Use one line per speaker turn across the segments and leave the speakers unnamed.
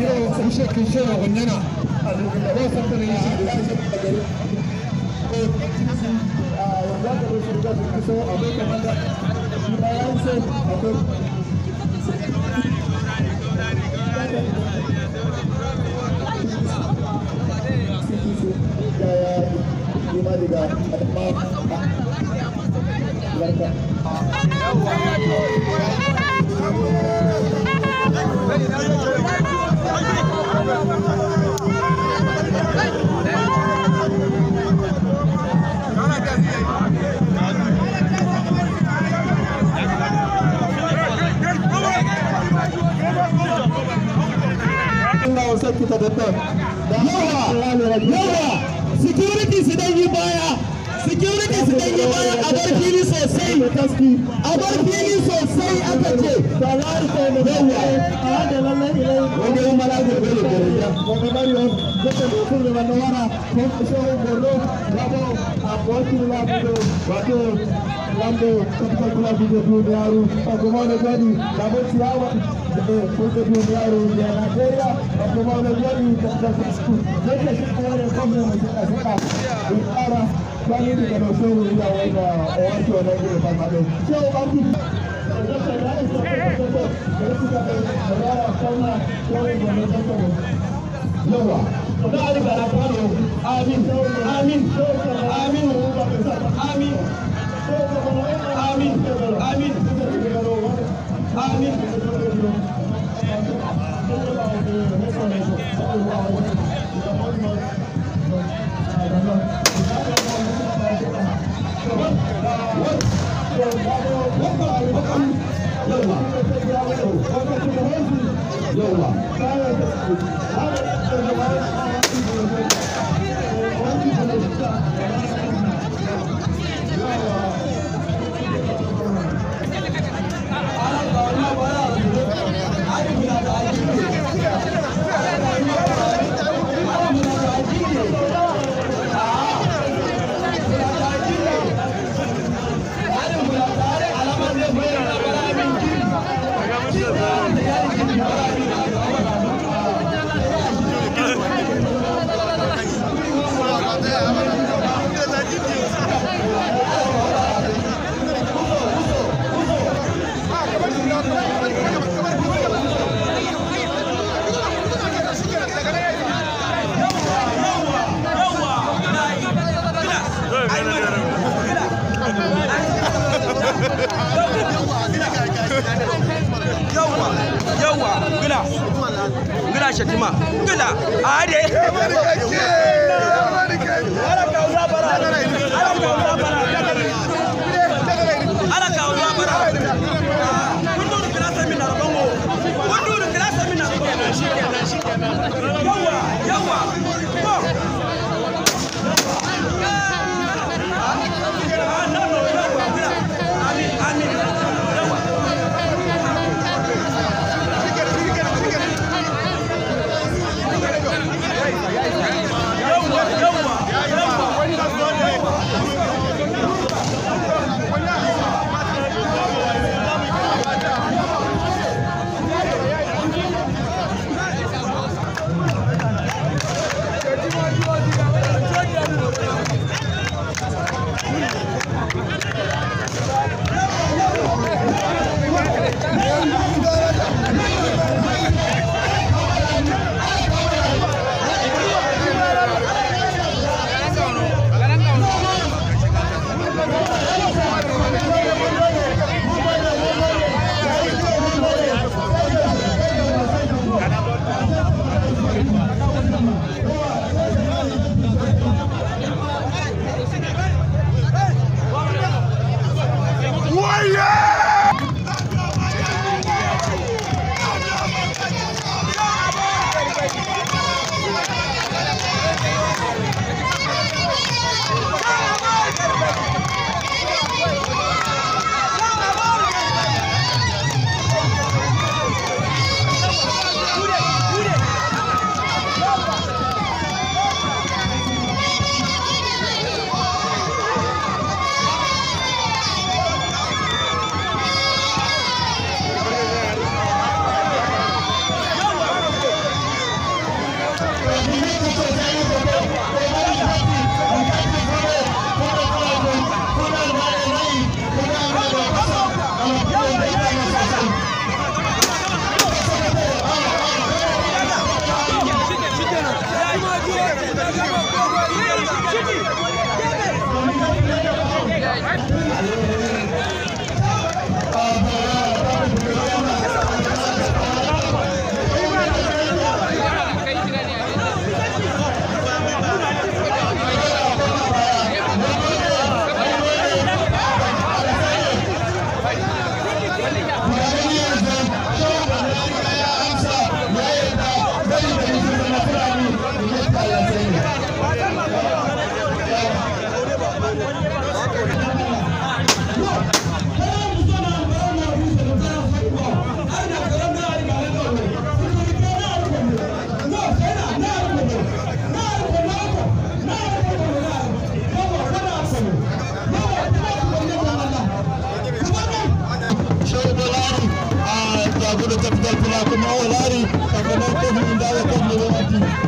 a ವಿಷಯ ಕಿಶೋರ ಒಂದಿನ Terima kasih. Allah wa saki ta security baya security su baya a bar fili sosai a bar fili sosai aka ce yawa wanda yin mala a bokin lafiya lambe katika kula vile vile yao akomone gani laboti hawa kuko vile yao ya Nigeria akomone gani katika siku zote siku ya kombe mtaka sika ikara kwani ni kama sio ya wana watu wa Nigeria kama leo sio basi Yawa, da alibara amin, amin, amin, amin. Amin. Amin. kuma olari na kofin inda ya kofin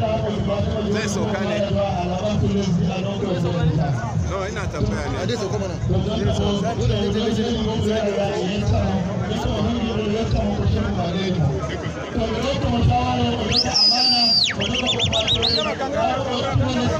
zai sauka ne no ina tambaya ne zai sauka mana Thank you.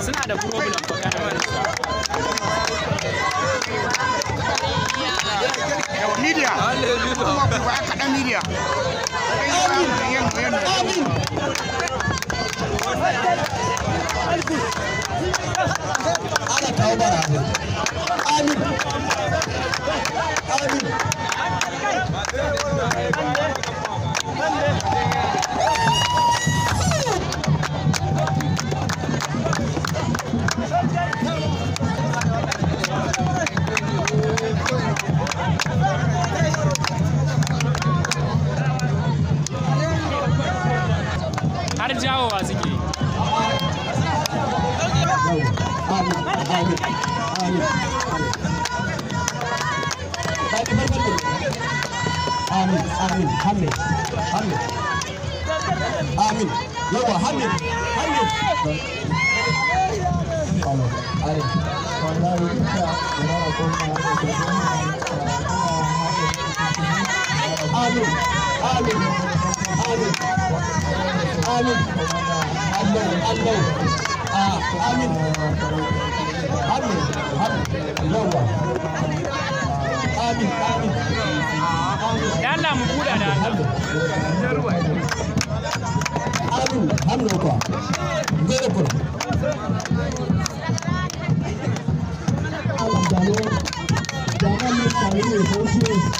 suna da problem ba karamar media kuma ku ba Amin. Amin. Amin. jawowa suke amin amin Amin, Amin, amin yawa Amin, Amin, amin amin amin amin allah allah amin amin amin yawa amin amin amin mu buɗa da Amin. amin amin kwa zai da kwa Allah jalo jama'a ne